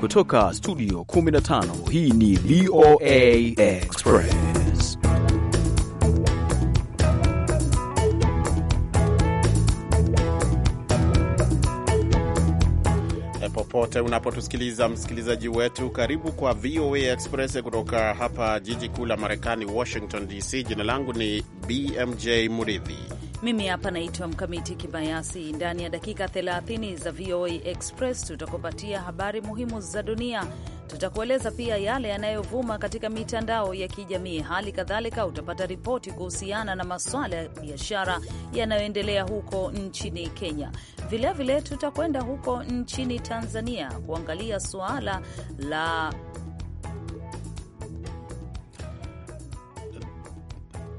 Kutoka studio 15 hii ni VOA Express. Eh, popote unapotusikiliza msikilizaji wetu, karibu kwa VOA Express kutoka hapa jiji kuu la Marekani, Washington DC. Jina langu ni BMJ Muridhi mimi hapa naitwa Mkamiti Kibayasi. Ndani ya dakika 30 za VOA Express tutakupatia habari muhimu za dunia, tutakueleza pia yale yanayovuma katika mitandao ya kijamii. Hali kadhalika utapata ripoti kuhusiana na masuala ya biashara yanayoendelea huko nchini Kenya. Vilevile tutakwenda huko nchini Tanzania kuangalia suala la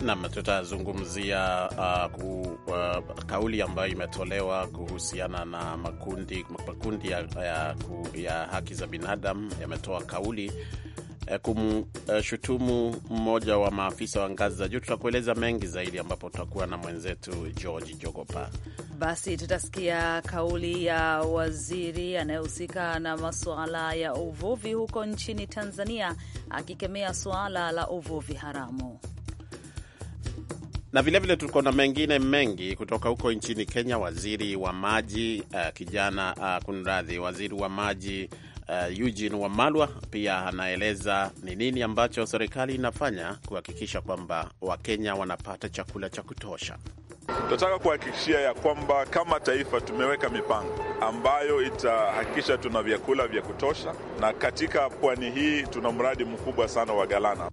Nam, tutazungumzia uh, ku, uh, kauli ambayo imetolewa kuhusiana na makundi, makundi ya, ya, ya haki za binadamu yametoa kauli eh, kumshutumu eh, mmoja wa maafisa wa ngazi za juu. Tutakueleza mengi zaidi ambapo tutakuwa na mwenzetu George Jogopa. Basi tutasikia kauli ya waziri anayehusika na masuala ya uvuvi huko nchini Tanzania akikemea suala la uvuvi haramu na vilevile tuko na mengine mengi kutoka huko nchini Kenya. Waziri wa maji uh, kijana uh, kunradhi, waziri wa maji uh, Eugene Wamalwa pia anaeleza ni nini ambacho serikali inafanya kuhakikisha kwamba Wakenya wanapata chakula cha kutosha. Tunataka kuhakikishia ya kwamba kama taifa tumeweka mipango ambayo itahakikisha tuna vyakula vya kutosha, na katika pwani hii tuna mradi mkubwa sana wa Galana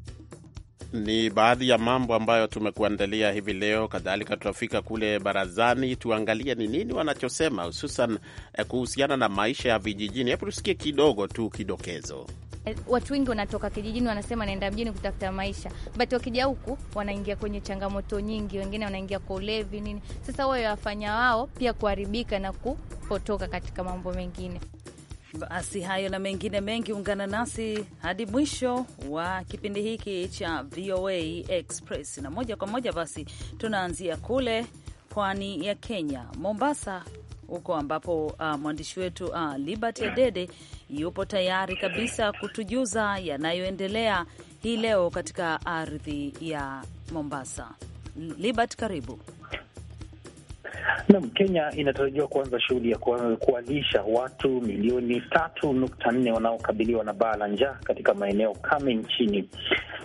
ni baadhi ya mambo ambayo tumekuandalia hivi leo. Kadhalika tutafika kule barazani, tuangalie ni nini wanachosema hususan eh, kuhusiana na maisha ya vijijini. Hebu tusikie kidogo tu kidokezo. Eh, watu wengi wanatoka kijijini, wanasema naenda mjini kutafuta maisha, but wakija huku wanaingia kwenye changamoto nyingi, wengine wanaingia kwa ulevi nini. Sasa wao wafanya wao pia kuharibika na kupotoka katika mambo mengine. Basi hayo na mengine mengi, ungana nasi hadi mwisho wa kipindi hiki cha VOA Express. Na moja kwa moja basi tunaanzia kule pwani ya Kenya, Mombasa, huko ambapo uh, mwandishi wetu uh, Liberty Dede yupo tayari kabisa kutujuza yanayoendelea hii leo katika ardhi ya Mombasa. Liberty, karibu. Naam, Kenya inatarajiwa kuanza shughuli ya kualisha watu milioni tatu nukta nne wanaokabiliwa na baa la njaa katika maeneo kame nchini.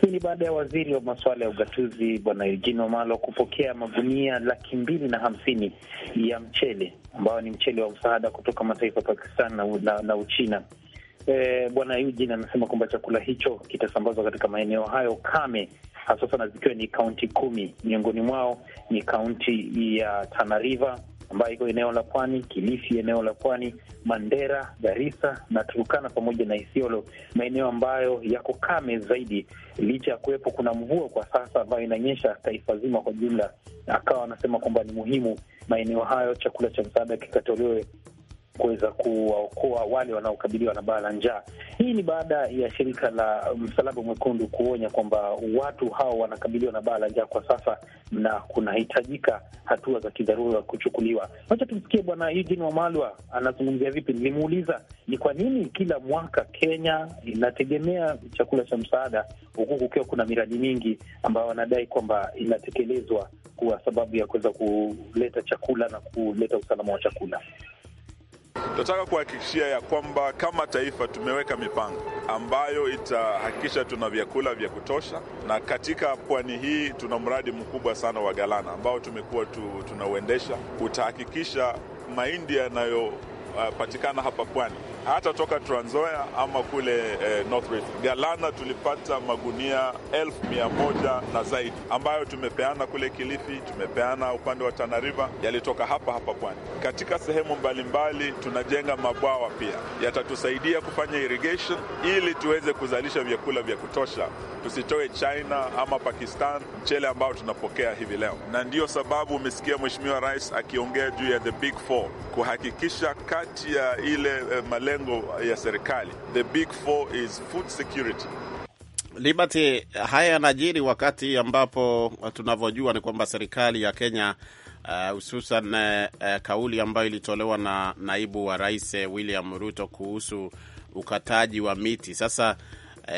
Hii ni baada ya waziri wa masuala ya ugatuzi Bwana Eugene Wamalwa kupokea magunia laki mbili na hamsini ya mchele ambao ni mchele wa msaada kutoka mataifa Pakistan na, na, na Uchina. E, Bwana Eugene anasema kwamba chakula hicho kitasambazwa katika maeneo hayo kame hasa sana zikiwa ni kaunti kumi. Miongoni mwao ni kaunti ya Tana River ambayo iko eneo la pwani, Kilifi eneo la pwani, Mandera, Garissa na Turukana pamoja na Isiolo, maeneo ambayo yako kame zaidi, licha ya kuwepo kuna mvua kwa sasa ambayo inanyesha taifa zima kwa jumla. Akawa anasema kwamba ni muhimu maeneo hayo chakula cha msaada kikatolewe kuweza kuwaokoa wale wanaokabiliwa na baa la njaa. Hii ni baada ya shirika la Msalaba Mwekundu kuonya kwamba watu hao wanakabiliwa na baa la njaa kwa sasa na kunahitajika hatua za kidharura kuchukuliwa. Wacha tumsikie Bwana Eugene Wamalwa anazungumzia vipi. Nilimuuliza ni kwa nini kila mwaka Kenya inategemea chakula cha msaada, huku kukiwa kuna miradi mingi ambayo wanadai kwamba inatekelezwa kwa sababu ya kuweza kuleta chakula na kuleta usalama wa chakula. Tunataka kuhakikishia ya kwamba kama taifa tumeweka mipango ambayo itahakikisha tuna vyakula vya kutosha, na katika pwani hii tuna mradi mkubwa sana wa Galana ambao tumekuwa tu, tunauendesha utahakikisha mahindi yanayopatikana uh, hapa pwani hata toka tranzoya ama kule eh, North Rift. Galana tulipata magunia elfu mia moja na zaidi ambayo tumepeana kule Kilifi, tumepeana upande wa Tana River, yalitoka hapa hapa pwani. Katika sehemu mbalimbali mbali, tunajenga mabwawa pia yatatusaidia kufanya irrigation ili tuweze kuzalisha vyakula vya kutosha, tusitoe China ama Pakistan mchele ambao tunapokea hivi leo, na ndiyo sababu umesikia Mheshimiwa Rais akiongea juu ya the big four, kuhakikisha kati ya ile eh, malengo ya serikali. The big four is food security. Liberty, haya yanajiri wakati ambapo tunavyojua ni kwamba serikali ya Kenya uh, hususan uh, uh, kauli ambayo ilitolewa na naibu wa rais uh, William Ruto kuhusu ukataji wa miti. Sasa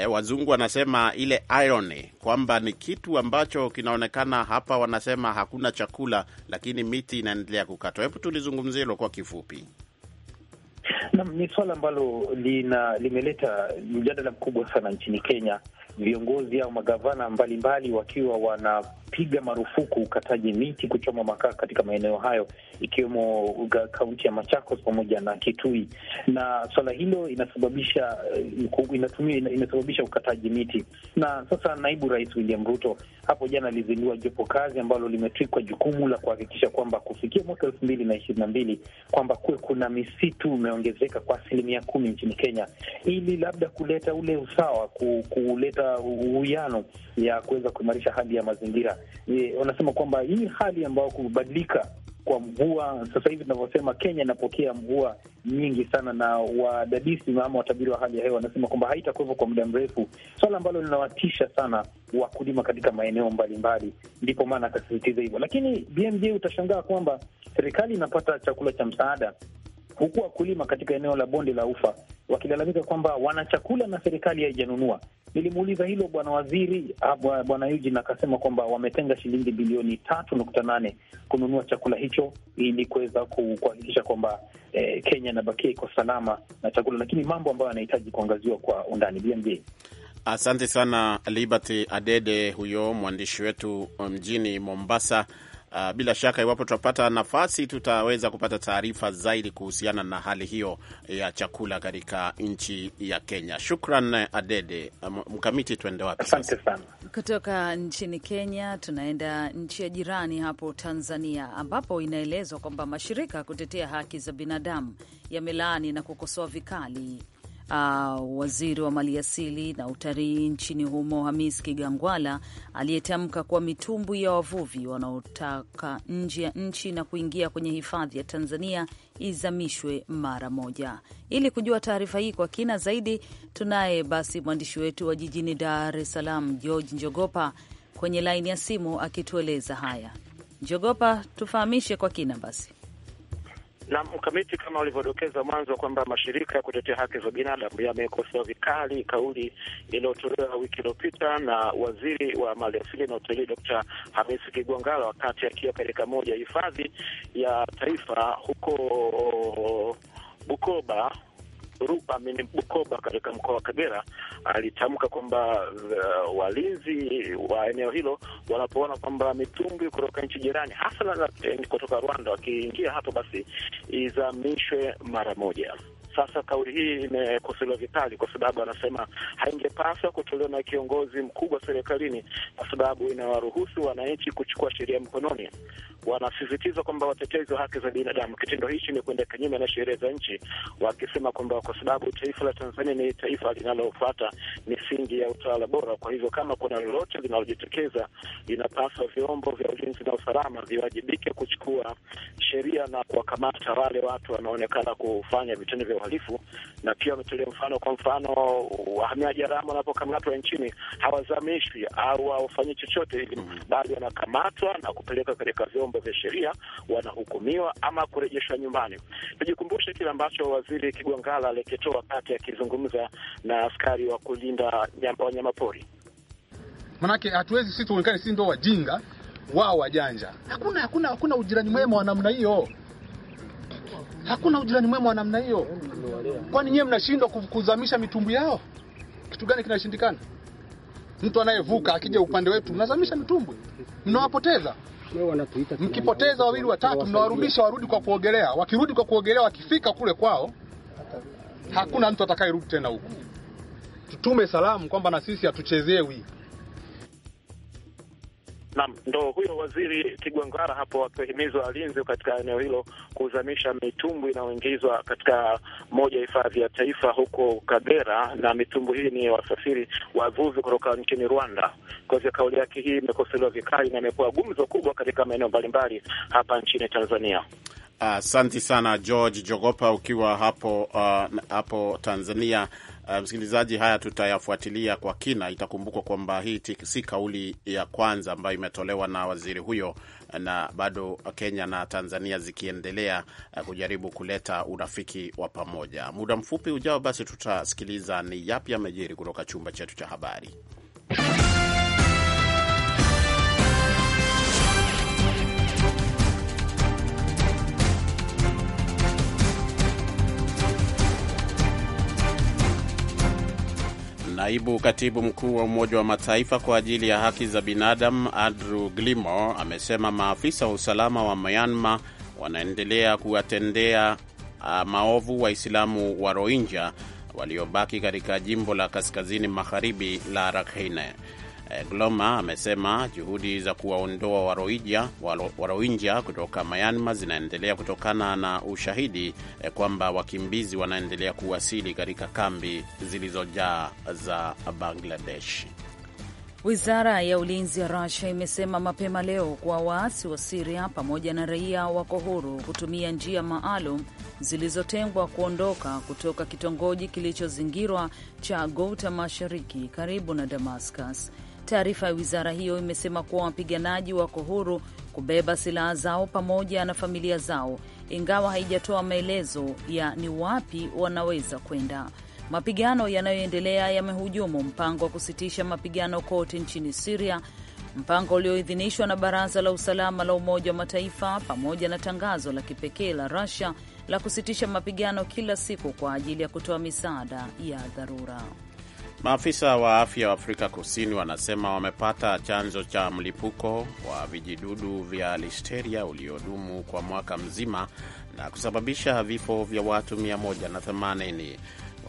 uh, wazungu wanasema ile irony kwamba ni kitu ambacho kinaonekana hapa, wanasema hakuna chakula, lakini miti inaendelea kukatwa. Hebu tulizungumzia hilo kwa kifupi. Naam, ni swala ambalo lina limeleta mjadala mkubwa sana nchini Kenya, viongozi au magavana mbalimbali wakiwa wana kupiga marufuku ukataji miti, kuchoma makaa katika maeneo hayo, ikiwemo kaunti ya Machakos pamoja na Kitui, na swala hilo inasababisha eh, inatumia, inasababisha ukataji miti. Na sasa naibu rais William Ruto hapo jana alizindua jopo kazi ambalo limetwikwa jukumu la kuhakikisha kwamba kufikia mwaka elfu mbili na ishirini na mbili kwamba kuwe kuna misitu umeongezeka kwa asilimia kumi nchini Kenya, ili labda kuleta ule usawa, kuleta uwiano ya kuweza kuimarisha hali ya mazingira e, wanasema kwamba hii hali ambayo kubadilika kwa mvua sasa hivi tunavyosema, Kenya inapokea mvua nyingi sana, na wadadisi ama watabiri wa hali ya hewa wanasema kwamba haitakuwepo kwa muda mrefu, swala ambalo linawatisha sana wakulima katika maeneo mbalimbali, ndipo maana akasisitiza hivyo. Lakini BMJ, utashangaa kwamba serikali inapata chakula cha msaada huku wakulima katika eneo la bonde la Ufa wakilalamika kwamba wana chakula na serikali haijanunua. Nilimuuliza hilo bwana waziri, ah, bwana Eugene, akasema kwamba wametenga shilingi bilioni tatu nukta nane kununua chakula hicho ili kuweza kuhakikisha kwamba eh, Kenya inabakia iko salama na chakula, lakini mambo ambayo yanahitaji kuangaziwa kwa undani. BMJ, asante sana. Liberty Adede huyo mwandishi wetu um, mjini Mombasa. Uh, bila shaka iwapo tutapata nafasi tutaweza kupata taarifa zaidi kuhusiana na hali hiyo ya chakula katika nchi ya Kenya. Shukran Adede. Mkamiti, tuende wapi sasa? Kutoka nchini Kenya tunaenda nchi ya jirani hapo Tanzania, ambapo inaelezwa kwamba mashirika ya kutetea haki za binadamu yamelaani na kukosoa vikali uh, waziri wa maliasili na utalii nchini humo Hamis Kigangwala aliyetamka kuwa mitumbu ya wavuvi wanaotaka nje ya nchi na kuingia kwenye hifadhi ya Tanzania izamishwe mara moja. Ili kujua taarifa hii kwa kina zaidi, tunaye basi mwandishi wetu wa jijini Dar es Salaam George Njogopa kwenye laini ya simu akitueleza haya. Njogopa, tufahamishe kwa kina basi na mkamiti, kama ulivyodokeza mwanzo kwamba mashirika ya kutetea haki za binadamu yamekosoa vikali kauli iliyotolewa wiki iliyopita na waziri wa maliasili na utalii Dkt. hamis Kigwangala wakati akiwa katika moja hifadhi ya taifa huko Bukoba Ruba mini Bukoba katika mkoa wa Kagera alitamka kwamba uh, walinzi wa eneo hilo wanapoona kwamba mitumbwi kutoka nchi jirani hasa eh, kutoka Rwanda wakiingia hapo, basi izamishwe mara moja. Sasa kauli hii imekosolewa vikali, kwa sababu anasema haingepaswa kutolewa na kiongozi mkubwa serikalini, kwa sababu inawaruhusu wananchi kuchukua sheria mkononi wanasisitiza kwamba watetezi wa haki za binadamu, kitendo hichi ni kuenda kinyume na sheria za nchi, wakisema kwamba kwa sababu taifa la Tanzania ni taifa linalofuata misingi ya utawala bora. Kwa hivyo kama kuna lolote linalojitokeza, inapaswa vyombo vya ulinzi na usalama viwajibike kuchukua sheria na kuwakamata wale watu wanaonekana kufanya vitendo vya uhalifu. Na pia wametolea mfano, kwa mfano wahamiaji haramu wanapokamatwa nchini hawazamishwi au hawafanyi chochote, bali wanakamatwa na kupelekwa katika vyombo vyombo vya sheria wanahukumiwa ama kurejeshwa nyumbani. Tujikumbushe kile ambacho Waziri Kigwangala alikitoa wakati akizungumza na askari wa kulinda wanyamapori, manake hatuwezi sisi tuonekane sisi ndo wajinga wao wajanja. Hakuna, hakuna, hakuna ujirani mwema wa namna hiyo hakuna ujirani mwema wa namna hiyo. Kwani nyie mnashindwa kuzamisha mitumbu yao? Kitu gani kinashindikana? Mtu anayevuka akija upande wetu, mnazamisha mitumbwi, mnawapoteza. Mkipoteza wawili watatu, mnawarudisha warudi kwa kuogelea. Wakirudi kwa kuogelea, wakifika kule kwao, hakuna mtu atakayerudi tena huku. Tutume salamu kwamba na sisi hatuchezewi. Naam, ndo huyo Waziri Kigwangara hapo akiwahimizwa walinzi katika eneo hilo kuzamisha mitumbwi inayoingizwa katika moja ya hifadhi ya taifa huko Kagera, na mitumbwi hii ni wasafiri wavuvi kutoka nchini Rwanda. Kwa hivyo kauli yake hii imekosolewa vikali na imekuwa gumzo kubwa katika maeneo mbalimbali hapa nchini Tanzania. Asante uh, sana George Jogopa ukiwa hapo, uh, hapo Tanzania. Uh, msikilizaji, haya tutayafuatilia kwa kina. Itakumbukwa kwamba hii si kauli ya kwanza ambayo imetolewa na waziri huyo, eh, na bado Kenya na Tanzania zikiendelea uh, kujaribu kuleta urafiki wa pamoja. Muda mfupi ujao, basi tutasikiliza ni yapi amejiri kutoka chumba chetu cha habari. Naibu katibu mkuu wa Umoja wa Mataifa kwa ajili ya haki za binadamu Andrew Glimo amesema maafisa wa usalama wa Myanmar wanaendelea kuwatendea uh, maovu Waislamu wa Rohingya waliobaki katika jimbo la kaskazini magharibi la Rakhine. Eh, Gloma amesema juhudi za kuwaondoa Warohinja kutoka Myanmar zinaendelea kutokana na ushahidi eh, kwamba wakimbizi wanaendelea kuwasili katika kambi zilizojaa za Bangladesh. Wizara ya ulinzi ya rusia imesema mapema leo kuwa waasi wa Siria pamoja na raia wako huru kutumia njia maalum zilizotengwa kuondoka kutoka kitongoji kilichozingirwa cha Ghouta mashariki karibu na Damascus. Taarifa ya wizara hiyo imesema kuwa wapiganaji wako huru kubeba silaha zao pamoja na familia zao, ingawa haijatoa maelezo ya ni wapi wanaweza kwenda. Mapigano yanayoendelea yamehujumu mpango wa kusitisha mapigano kote nchini Siria, mpango ulioidhinishwa na Baraza la Usalama la Umoja wa Mataifa pamoja na tangazo la kipekee la rasia la kusitisha mapigano kila siku kwa ajili ya kutoa misaada ya dharura. Maafisa wa afya wa Afrika Kusini wanasema wamepata chanzo cha mlipuko wa vijidudu vya listeria uliodumu kwa mwaka mzima na kusababisha vifo vya watu 180.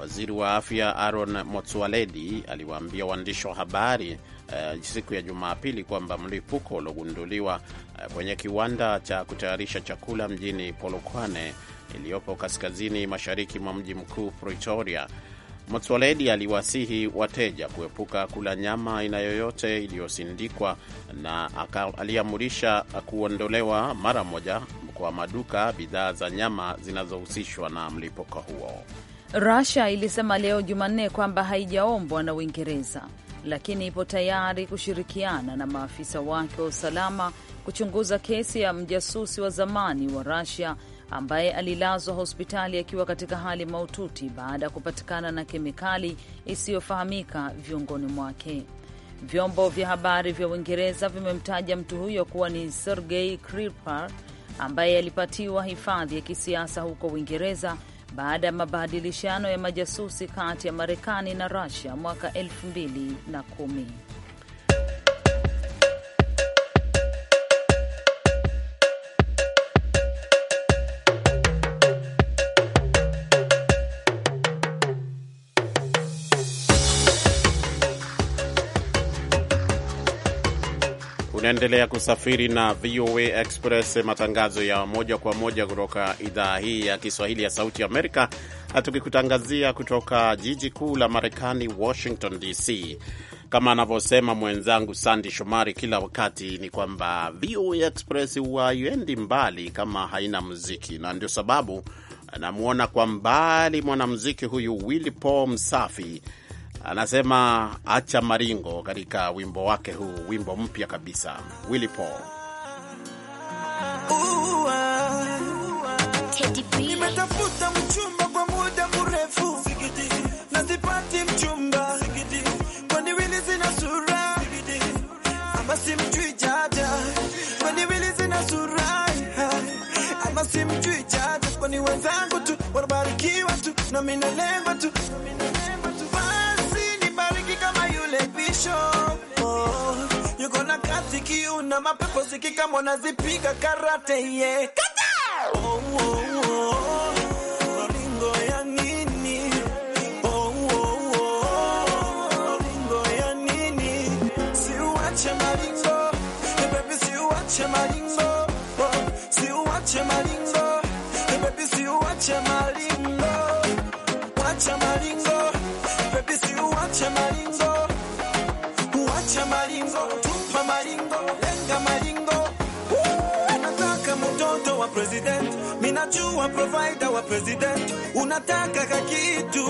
Waziri wa afya Aaron Motsoaledi aliwaambia waandishi wa habari uh, siku ya Jumapili kwamba mlipuko uliogunduliwa uh, kwenye kiwanda cha kutayarisha chakula mjini Polokwane iliyopo kaskazini mashariki mwa mji mkuu Pretoria Motsoaledi aliwasihi wateja kuepuka kula nyama aina yoyote iliyosindikwa na aliamurisha kuondolewa mara moja kwa maduka bidhaa za nyama zinazohusishwa na mlipuko huo. Russia ilisema leo Jumanne kwamba haijaombwa na Uingereza lakini ipo tayari kushirikiana na maafisa wake wa usalama kuchunguza kesi ya mjasusi wa zamani wa Russia ambaye alilazwa hospitali akiwa katika hali mahututi baada ya kupatikana na kemikali isiyofahamika viongoni mwake. Vyombo vya habari vya Uingereza vimemtaja mtu huyo kuwa ni Sergei Skripal ambaye alipatiwa hifadhi ya kisiasa huko Uingereza baada ya mabadilishano ya majasusi kati ya Marekani na Rusia mwaka 2010. Unaendelea kusafiri na VOA Express, matangazo ya moja kwa moja kutoka idhaa hii ya Kiswahili ya Sauti Amerika, tukikutangazia kutoka jiji kuu la Marekani, Washington DC. Kama anavyosema mwenzangu Sandi Shomari kila wakati ni kwamba VOA Express huwa haiendi mbali kama haina muziki, na ndio sababu anamwona kwa mbali mwanamuziki huyu Willy Paul Msafi anasema acha maringo katika wimbo wake huu, wimbo mpya kabisa Willy Paul. Nimetafuta mchumba kwa muda mrefu, mchumba, kwani wili zina sura ama simjui jaja, kwani wili zina sura ama simjui jaja, kwani wenzangu tu wanabarikiwa tu na mimi tu Oh, yuko na kazi kiu na mapepo zikikama, unazipiga karate yeah. Kata! Oh, oh, oh. wa provider wa president, unataka kakitu,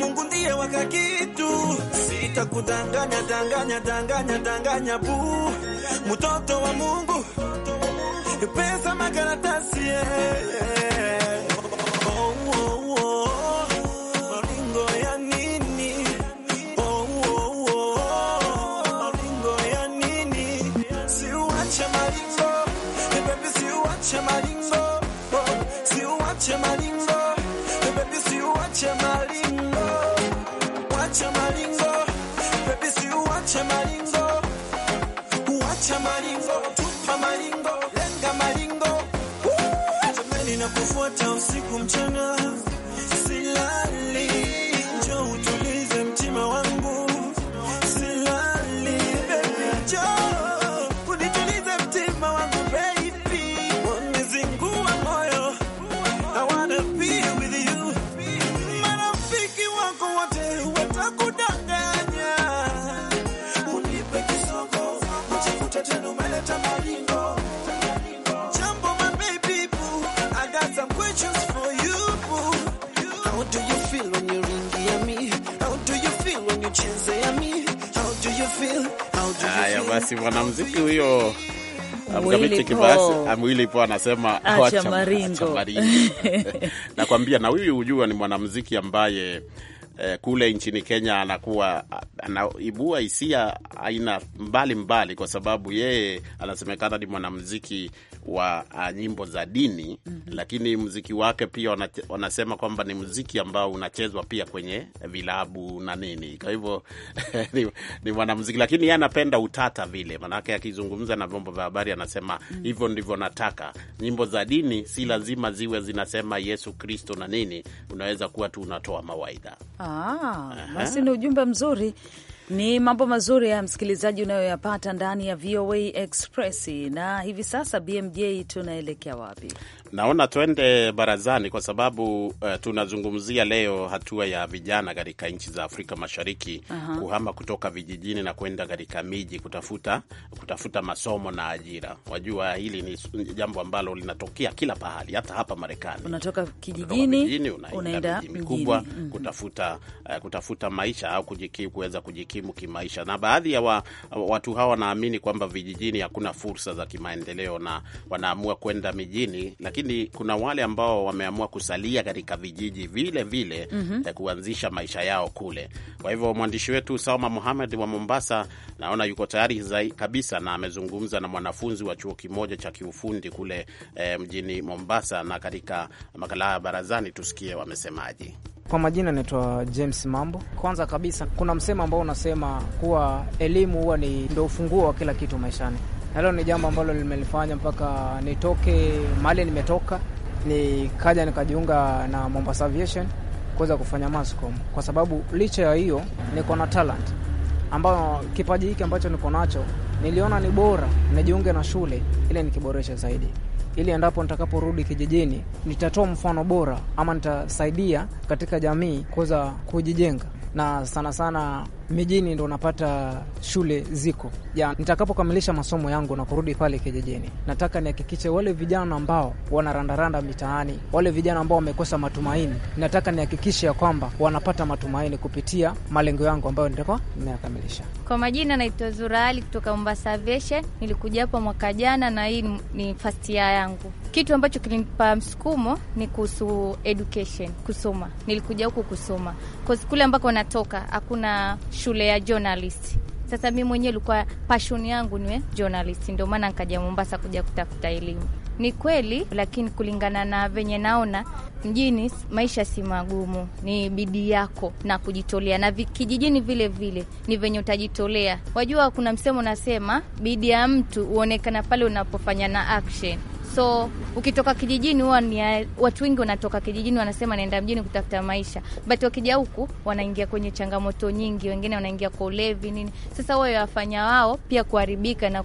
Mungu ndiye wa kakitu, sitakudanganya danganya danganya danganya bu mtoto wa Mungu pesa makaratasi yeah. basi mwanamuziki huyo Mwilipo ah, anasema acha maringo nakwambia. Na huyu hujua ni mwanamuziki ambaye eh, kule nchini Kenya anakuwa anaibua hisia aina mbalimbali, kwa sababu yeye anasemekana ni mwanamuziki wa uh, nyimbo za dini mm -hmm. Lakini mziki wake pia wanasema kwamba ni mziki ambao unachezwa pia kwenye vilabu na nini, kwa hivyo ni, ni lakini yeye anapenda utata vile, maanake akizungumza na vyombo vya habari anasema mm -hmm. Hivyo ndivyo nataka nyimbo za dini, si lazima ziwe zinasema Yesu Kristo na nini, unaweza kuwa tu unatoa mawaidha. Ah, basi ni ujumbe mzuri ni mambo mazuri ya msikilizaji unayoyapata ndani ya VOA Express. Na hivi sasa, BMJ, tunaelekea wapi? Naona tuende barazani, kwa sababu uh, tunazungumzia leo hatua ya vijana katika nchi za Afrika Mashariki uh -huh. kuhama kutoka vijijini na kwenda katika miji kutafuta, kutafuta masomo na ajira. Wajua hili ni jambo ambalo linatokea kila pahali, hata hapa Marekani. Unatoka kijijini unaenda miji mikubwa mhm. kutafuta, uh, kutafuta maisha au kuweza kujikimu kujikimu kimaisha, na baadhi ya wa, watu hawa wanaamini kwamba vijijini hakuna fursa za kimaendeleo na wanaamua kwenda mijini, lakini kuna wale ambao wameamua kusalia katika vijiji vile vile mm -hmm. kuanzisha maisha yao kule. Kwa hivyo mwandishi wetu Salma muhamed wa Mombasa naona yuko tayari kabisa na amezungumza na mwanafunzi wa chuo kimoja cha kiufundi kule eh, mjini Mombasa, na katika makala ya barazani tusikie wamesemaje. Kwa majina naitwa James Mambo. Kwanza kabisa, kuna msemo ambao unasema kuwa elimu huwa ni ndo ufunguo wa kila kitu maishani. Hilo ni jambo ambalo limelifanya mpaka nitoke mahali nimetoka, nikaja nikajiunga na Mombasa Aviation kuweza kufanya mascom, kwa sababu licha ya hiyo niko na talent ambayo kipaji hiki ambacho niko nacho niliona ni bora nijiunge na shule ili nikiboresha zaidi ili endapo nitakaporudi kijijini nitatoa mfano bora ama nitasaidia katika jamii kuweza kujijenga na sana sana mijini ndo unapata shule ziko ya. Nitakapokamilisha masomo yangu na kurudi pale kijijini, nataka nihakikishe wale vijana ambao wanarandaranda mitaani, wale vijana ambao wamekosa matumaini, nataka nihakikishe ya kwamba wanapata matumaini kupitia malengo yangu ambayo nitakuwa nimeyakamilisha. Kwa majina, naitwa Zurali kutoka Mombasa Aviation. Nilikuja hapa mwaka jana na hii ni first year yangu. Kitu ambacho kilinipa msukumo ni kuhusu education, kusoma. Nilikuja huku kusoma cause kule ambako natoka hakuna shule ya journalist. Sasa mi mwenyewe ilikuwa passion yangu niwe journalist, ndio maana nkaja Mombasa kuja kutafuta elimu. Ni kweli, lakini kulingana na venye naona mjini maisha si magumu, ni bidii yako na kujitolea, na kijijini vile vile ni venye utajitolea. Wajua, kuna msemo unasema bidii ya mtu huonekana pale unapofanya na action So ukitoka kijijini huwa ni watu wengi wanatoka kijijini, wanasema naenda mjini kutafuta maisha, but wakija huku wanaingia kwenye changamoto nyingi, wengine wanaingia kwa ulevi nini. Sasa wao wafanya wao pia kuharibika na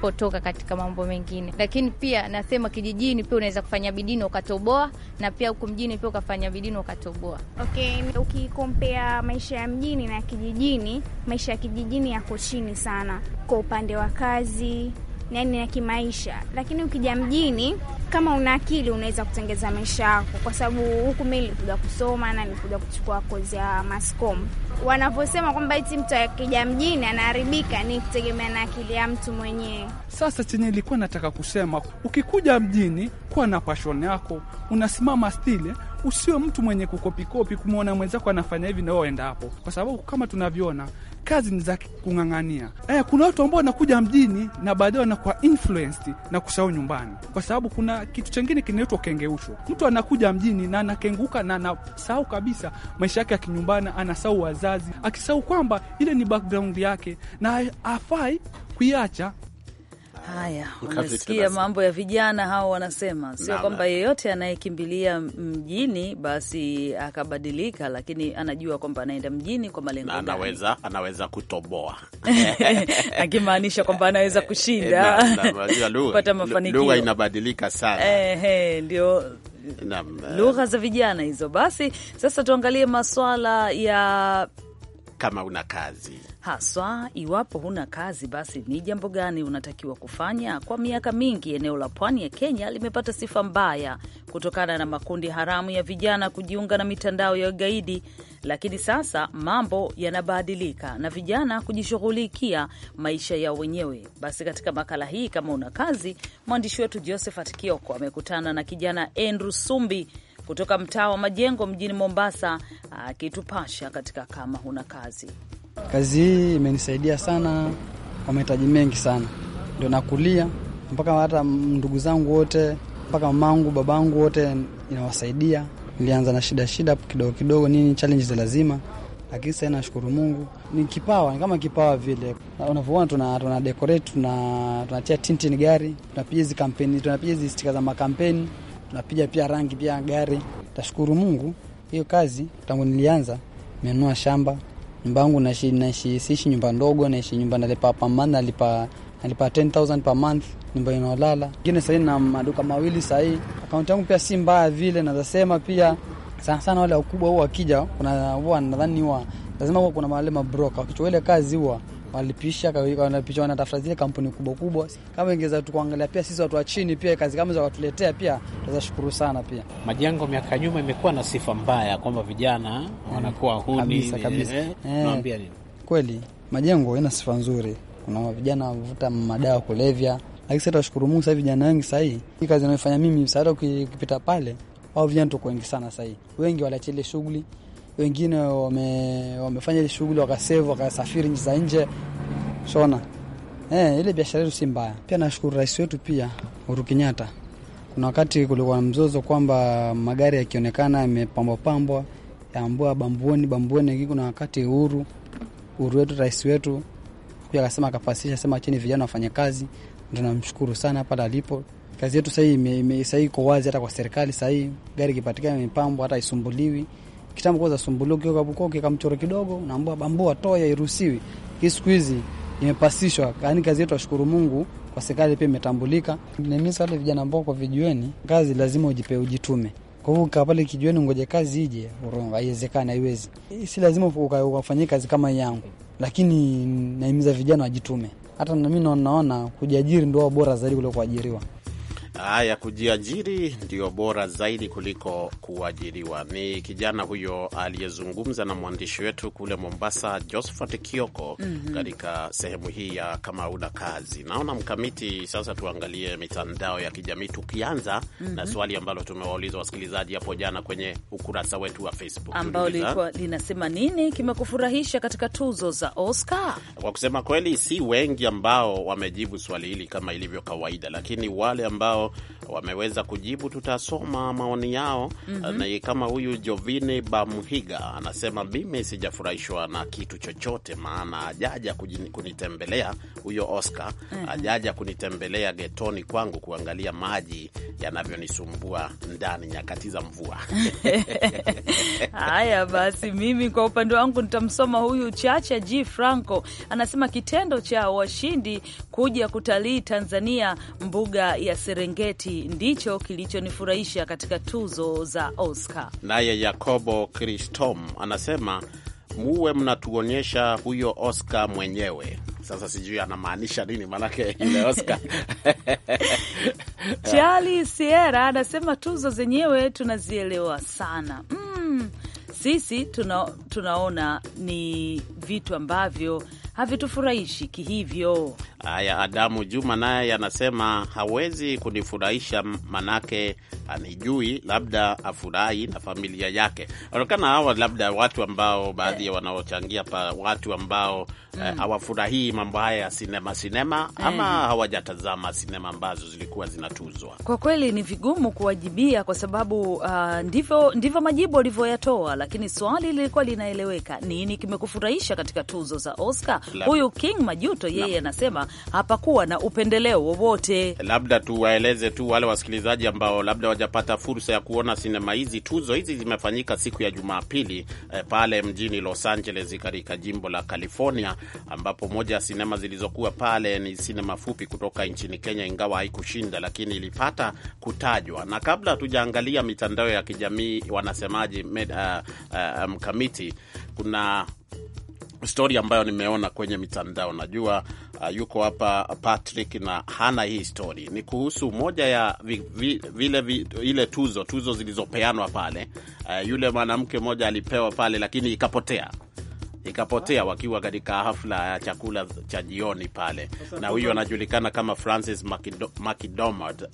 potoka katika mambo mengine. Lakini pia nasema kijijini pia unaweza kufanya bidii na ukatoboa, na pia huku mjini pia ukafanya bidii na ukatoboa. Okay, ukikompea maisha ya mjini na kijijini, maisha ya kijijini yako chini sana kwa upande wa kazi yani na kimaisha, lakini ukija mjini kama una akili unaweza kutengeza maisha yako, kwa sababu huku mi nilikuja kusoma na nilikuja kuchukua kozi ya mascom. Wanavyosema kwamba eti mtu akija mjini anaharibika ni kutegemea na akili ya mtu mwenyewe. Sasa chenye ilikuwa nataka kusema, ukikuja mjini kuwa na pashon yako, unasimama stile, usiwe mtu mwenye kukopikopi kumwona mwenzako anafanya hivi na wewe enda hapo, kwa sababu kama tunavyoona kazi ni za kung'ang'ania. Eh, kuna watu ambao wanakuja mjini na baadaye wanakuwa influenced na kusahau nyumbani, kwa sababu kuna kitu chengine kinaitwa kengeushwa. Mtu anakuja mjini na anakenguka na anasahau kabisa maisha yake ya kinyumbani, anasahau wazazi, akisahau kwamba ile ni background yake na afai kuiacha. Haya, unasikia mambo ya vijana hao, wanasema sio kwamba yeyote anayekimbilia mjini basi akabadilika, lakini anajua kwamba anaenda mjini kwa malengo, anaweza anaweza kutoboa akimaanisha kwamba anaweza eh, kushinda eh, kupata mafanikio. Lugha inabadilika sana, eh, ndio lugha za vijana hizo. Basi sasa tuangalie maswala ya kama una kazi haswa. Iwapo huna kazi, basi ni jambo gani unatakiwa kufanya? Kwa miaka mingi, eneo la pwani ya Kenya limepata sifa mbaya kutokana na makundi haramu ya vijana kujiunga na mitandao ya ugaidi, lakini sasa mambo yanabadilika na vijana kujishughulikia maisha yao wenyewe. Basi katika makala hii, kama una kazi, mwandishi wetu Josephat Kioko amekutana na kijana Andrew Sumbi kutoka mtaa wa Majengo mjini Mombasa, akitupasha katika kama huna kazi. Kazi hii imenisaidia sana kwa mahitaji mengi sana, ndio nakulia mpaka hata ndugu zangu wote mpaka mamangu babangu wote inawasaidia. Nilianza na shida shida kidogo kidogo, nini challenge za lazima, lakini sasa nashukuru Mungu. Ni kipawa, ni kama kipawa vile unavyoona, tuna tuna decorate, tuna tunatia tinti ni gari, tunapiga hizi kampeni, tunapiga hizi stika za makampeni napiga pia rangi pia gari. Tashukuru Mungu, hiyo kazi tangu nilianza menua shamba nyumba yangu naishi naishi siishi nyumba ndogo, naishi nyumba nalipa per month, nalipa nalipa 10000 per month, nyumba inaolala ingine. Sahii na maduka mawili sasa sahii, akaunti yangu pia si mbaya vile, naweza sema pia sana sana wale wakubwa huwa wakija, kuna huwa nadhani huwa lazima huwa kuna wale mabroka wakichukua ile kazi huwa walipisha wanapisha, wanatafuta zile kampuni kubwa kubwa. Kama ingeweza tukuangalia pia sisi watu wa chini, pia kazi kama hizo wakatuletea pia, tutashukuru sana pia. Majengo miaka nyuma imekuwa na sifa mbaya kwamba vijana eh, wanakuwa huni kabisa eh, kabisa. Eh, eh, naambia nini kweli, majengo ina sifa nzuri, kuna vijana wavuta madawa kulevya, lakini sasa tunashukuru Mungu, sasa vijana wengi sasa hii kazi inayofanya mimi sasa, ukipita pale au vijana tuko wengi sana sasa hii, wengi waliachilia shughuli wengine wame, wamefanya ile shughuli wakasave wakasafiri nchi za nje shona. Eh, ile biashara yetu si mbaya. Pia nashukuru rais wetu pia Uhuru Kenyatta. Kuna wakati kulikuwa na mzozo kwamba magari yakionekana yamepambwapambwa yaambua bambuoni bambuoni. Kuna wakati Uhuru Uhuru wetu rais wetu pia akasema akapasisha sema chini vijana wafanye kazi. Tunamshukuru sana pale alipo. Kazi yetu sahii iko wazi hata kwa serikali sahii, gari ikipatikana imepambwa hata isumbuliwi kitambo kwanza sumbuluki kwa kama mchoro kidogo naambua bambua toya iruhusiwi. Hii siku hizi imepasishwa, yaani kazi yetu washukuru Mungu kwa serikali pia imetambulika. Nimisa wale vijana ambao kwa vijueni kazi lazima ujipe ujitume. Kwa hivyo kwa pale kijueni, ngoje kazi ije, haiwezekani, haiwezi. Si lazima ukafanyie kazi kama yangu, lakini naimiza vijana wajitume. Hata na mimi naona kujiajiri ndio bora zaidi kuliko kuajiriwa. Haya, kujiajiri ndio bora zaidi kuliko kuajiriwa. Ni kijana huyo aliyezungumza na mwandishi wetu kule Mombasa, Josephat Kioko, mm -hmm. katika sehemu hii ya kama una kazi. Naona mkamiti, sasa tuangalie mitandao ya kijamii tukianza mm -hmm. na mhm. swali ambalo tumewauliza wasikilizaji hapo jana kwenye ukurasa wetu wa Facebook ambao lilikuwa linasema nini kimekufurahisha katika tuzo za Oscar. Kwa kusema kweli, si wengi ambao wamejibu swali hili kama ilivyo kawaida, lakini wale ambao ambao wameweza kujibu, tutasoma maoni yao mm -hmm. Ni kama huyu Jovine Bamhiga anasema mimi sijafurahishwa na kitu chochote, maana ajaja kunitembelea huyo Oscar mm -hmm. Ajaja kunitembelea getoni kwangu kuangalia maji yanavyonisumbua ndani nyakati za mvua. Haya basi, mimi kwa upande wangu nitamsoma huyu Chacha G Franco anasema kitendo cha washindi kuja kutalii Tanzania mbuga ya Serengeti Serengeti ndicho kilichonifurahisha katika tuzo za Oscar. Naye Yakobo Kristom anasema muwe mnatuonyesha huyo Oscar mwenyewe. Sasa sijui anamaanisha nini, maanake ile Oscar Chali Sierra anasema tuzo zenyewe tunazielewa sana mm. Sisi tuna, tunaona ni vitu ambavyo havitufurahishi kihivyo. Haya, Adamu Juma naye anasema hawezi kunifurahisha manake anijui, labda afurahi na familia yake. Anaonekana hawa labda watu ambao baadhi ya eh. wanaochangia pa watu ambao eh, mm. hawafurahii mm. mambo haya ya sinema sinema eh, ama hawajatazama sinema ambazo zilikuwa zinatuzwa. Kwa kweli ni vigumu kuwajibia kwa sababu uh, ndivyo ndivyo majibu alivyoyatoa, lakini swali lilikuwa linaeleweka, nini kimekufurahisha katika tuzo za Oscar? Lab. Huyu King Majuto yeye anasema hapakuwa na upendeleo wowote. Labda tuwaeleze tu wale wasikilizaji ambao labda hawajapata fursa ya kuona sinema hizi, tuzo hizi zimefanyika siku ya Jumapili eh, pale mjini Los Angeles katika jimbo la California, ambapo moja ya sinema zilizokuwa pale ni sinema fupi kutoka nchini Kenya, ingawa haikushinda lakini ilipata kutajwa. Na kabla hatujaangalia mitandao ya kijamii wanasemaji uh, eh, uh, eh, mkamiti kuna stori ambayo nimeona kwenye mitandao. Najua uh, yuko hapa Patrick na hana hii stori, ni kuhusu moja ya vi, vi, vile vi, ile tuzo tuzo zilizopeanwa pale. Uh, yule mwanamke mmoja alipewa pale, lakini ikapotea ikapotea wakiwa katika hafla ya chakula cha jioni pale, na huyu anajulikana kama Francis McDormand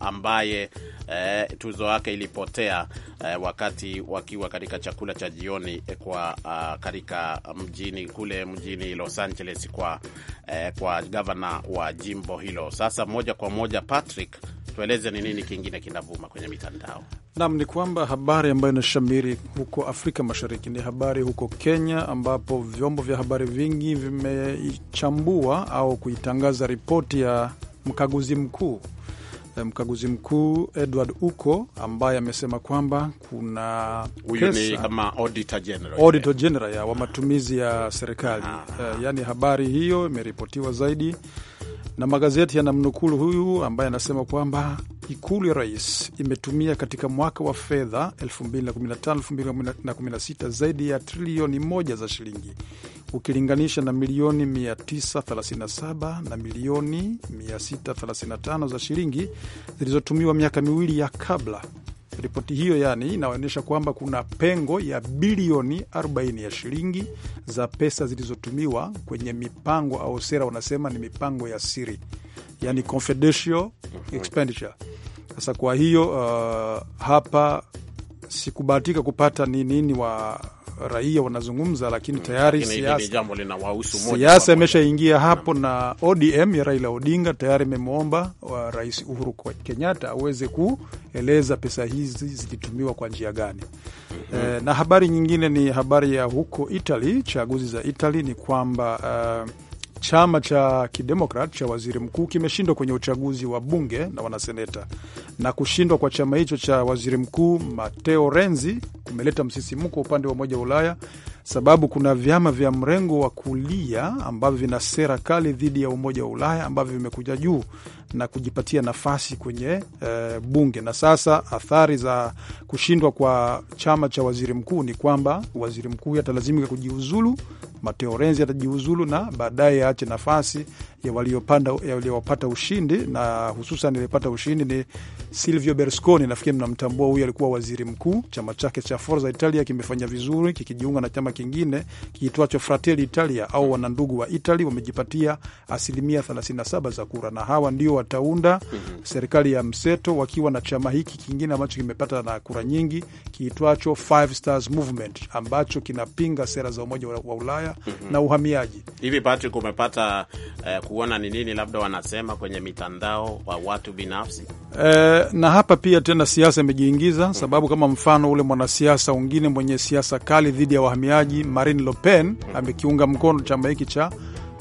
ambaye eh, tuzo yake ilipotea eh, wakati wakiwa katika chakula cha jioni eh, kwa uh, katika mjini kule mjini Los Angeles kwa, eh, kwa gavana wa jimbo hilo. Sasa moja kwa moja, Patrick, tueleze ni nini kingine kinavuma kwenye mitandao. Nam ni kwamba habari ambayo inashamiri huko Afrika Mashariki ni habari huko Kenya, ambapo vyombo vya habari vingi vimeichambua au kuitangaza ripoti ya mkaguzi mkuu eh, mkaguzi mkuu Edward Uko ambaye amesema kwamba kuna kesa, kama auditor general, auditor general ya, wa matumizi ya serikali. Uh, yaani habari hiyo imeripotiwa zaidi na magazeti yanamnukulu huyu ambaye anasema kwamba ikulu ya rais imetumia katika mwaka wa fedha 2015/2016 zaidi ya trilioni moja za shilingi ukilinganisha na milioni 937 na milioni 635 za shilingi zilizotumiwa miaka miwili ya kabla Ripoti hiyo yani inaonyesha kwamba kuna pengo ya bilioni 40 ya shilingi za pesa zilizotumiwa kwenye mipango au sera, wanasema ni mipango ya siri, yani confidential mhm. expenditure. Sasa kwa hiyo uh, hapa sikubahatika kupata ni nini wa raia wanazungumza, lakini mm, tayari siasa imeshaingia hapo, mm. na ODM ya Raila Odinga tayari imemwomba Rais Uhuru Kenyatta aweze kueleza pesa hizi zilitumiwa kwa njia gani. mm -hmm. E, na habari nyingine ni habari ya huko Italy, chaguzi za Italy ni kwamba uh, chama cha kidemokrat cha waziri mkuu kimeshindwa kwenye uchaguzi wa bunge na wanaseneta, na kushindwa kwa chama hicho cha waziri mkuu Mateo Renzi kumeleta msisimko upande wa Umoja wa Ulaya sababu kuna vyama vya mrengo wa kulia ambavyo vina sera kali dhidi ya Umoja wa Ulaya ambavyo vimekuja juu na kujipatia nafasi kwenye e, bunge. Na sasa athari za kushindwa kwa chama cha waziri mkuu ni kwamba waziri mkuu atalazimika kujiuzulu, Mateo Renzi atajiuzulu na baadaye aache nafasi ya waliopanda waliopata ushindi na hususan aliyepata ushindi ni Silvio Berlusconi. Nafikiri mnamtambua huyu, alikuwa waziri mkuu. Chama chake cha Forza Italia kimefanya vizuri kikijiunga na chama kingine kiitwacho Fratelli Italia au wanandugu wa Itali, wamejipatia asilimia 37 za kura, na hawa ndio wataunda mhm. serikali ya mseto wakiwa na chama hiki kingine ambacho kimepata na kura nyingi kiitwacho Five Stars Movement ambacho kinapinga sera za Umoja wa Ulaya mhm. na uhamiaji. Hivi Patrick umepata eh, kuona ni nini labda wanasema kwenye mitandao wa watu binafsi e, na hapa pia tena siasa imejiingiza, hmm. sababu kama mfano ule mwanasiasa wengine mwenye siasa kali dhidi ya wahamiaji Marine Le Pen hmm. amekiunga mkono chama hiki cha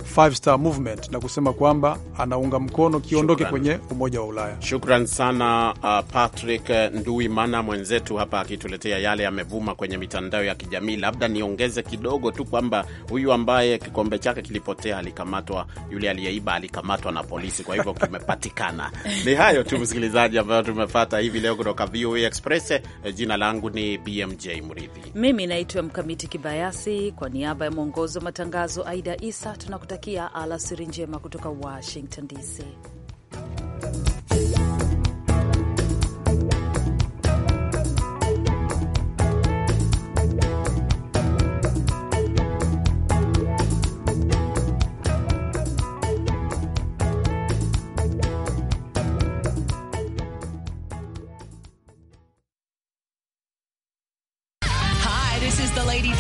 Five Star Movement na kusema kwamba anaunga mkono kiondoke Shukran. kwenye Umoja wa Ulaya. Shukran sana uh, Patrick Nduimana mwenzetu hapa akituletea yale yamevuma kwenye mitandao ya kijamii. Labda niongeze kidogo tu kwamba huyu ambaye kikombe chake kilipotea alikamatwa, yule aliyeiba alikamatwa na polisi, kwa hivyo kimepatikana. Ni hayo tu msikilizaji, ambayo tumepata hivi leo kutoka VOA Express. Eh, jina langu ni BMJ Mridhi, mimi naitwa Mkamiti Kibayasi, kwa niaba ya mwongozi wa matangazo Aida Isa tunakuta kutakia alasiri njema kutoka Washington DC.